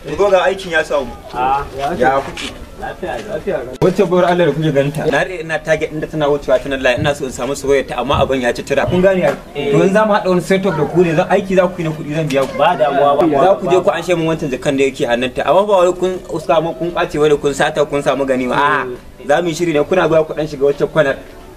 Ku ga aikin ya samu. Ah, ya kuke. Wace bayar Allah da kuke ganta. Na rike ina target inda tana wucewa ta nan ina so in samu soyayya ta amma abin ya ci tura. Kun gane eh. ya. Don za mu haɗa wani set da ku ne zan aiki za ku yi na kuɗi zan biya ku. Ba damuwa ba. Za ku je ku an min wancan jakan da yake hannunta amma ba wani kun uska kun kwace wani kun sata kun samu ganima. A'a eh. za mu yi shiri ne kuna zuwa ku dan shiga wacce kwanar.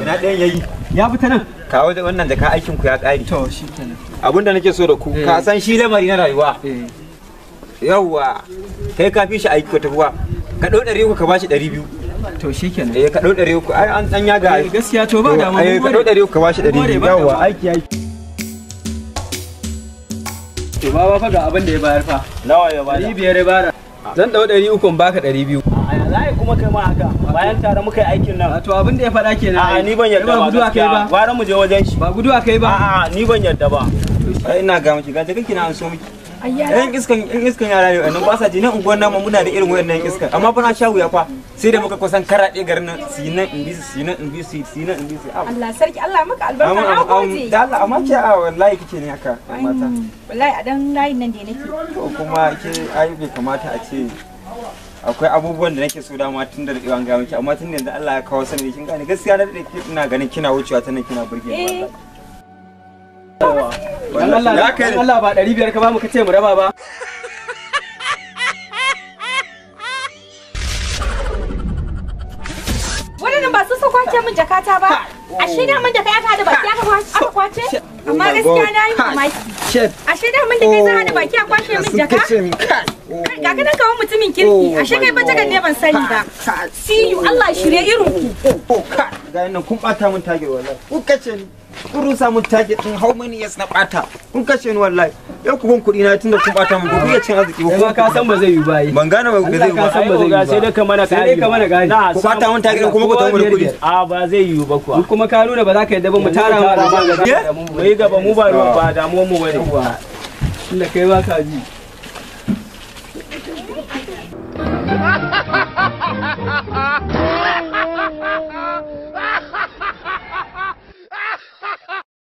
ina ɗayan yayi ya nan wannan da ka aikin ku ya ƙari to shikenan abinda nake so da ku eh. ka san shi lamari na rayuwa eh. yawwa kai ka fi shi aiki ta ruwa ka ɗau ɗari uku ka bashi ɗari biyu to eh ka ɗau ɗari uku an ɗan yaga ai eh, gaskiya to ba ka ɗau ɗari uku ka bashi ɗari biyu yawwa aiki aiki to ba ba fa ga abin da ya bayar fa nawa ya bayar ɗari biyar ya bayar zan ɗau ɗari uku baka ɗari biyu kuma kai ma haka bayan tare muka yi aikin nan to abin da ya faɗa kenan a'a ni ban yarda ba gudu akai ba gwara mu je wajen shi ba gudu akai ba a'a ni ban yarda ba ai ina ga miki ga jikin kina an so miki yan iskan in iskan yara ne wannan ba sa ji nan unguwar namu muna da irin wayannan iskan amma fa na sha wuya fa sai da muka kusan karaɗe garin nan su yi nan in bi su yi nan in bi su yi nan in bi su Allah sarki Allah maka albarka na gode da Allah amma ke a wallahi kike ne haka mata wallahi a dan layin nan da nake to kuma ke ai bai kamata a ce akwai abubuwan da nake so ma tun da da ga miki amma tun da yanzu Allah ya kawo sani kin gane gaskiya na da ina ganin kina wucewa ta nan kina burge ni Allah ba ɗari biyar ka ba mu ka ce mu raba ba wadannan ba su su kwace min jakata ba a shida min da kai aka baki aka kwace amma oh gaskiya na yi mamaki a shida min da kai za da baki a oh, kwace min jaka Ga ka nan kawo mutumin kirki, oh, ashe kai ba ne ban sani ba. See Allah shirye irin ku. Oh, oh, ga nan kun bata mun tage wallahi. Kun kace Kun rusa mun tage din how many years na bata. Kun kace ni wallahi. Yau ku ban na tunda kun bata mun cin arziki ba. Ka san ba zai yi ba Ban gane ba zai yi ba. san ba zai yi ba. Sai dai ka mana kai. Sai ka mana kai. Ku bata mun tage kuma ku tawo kuɗi. A ba zai yi ba kuwa. Kuma ka nuna ba za ka yadda ba mu tara mu ba. Mu yi gaba mu ba ruwa ba damuwar mu bane kuwa. Tunda kai ba ka ji. Ha ha ha!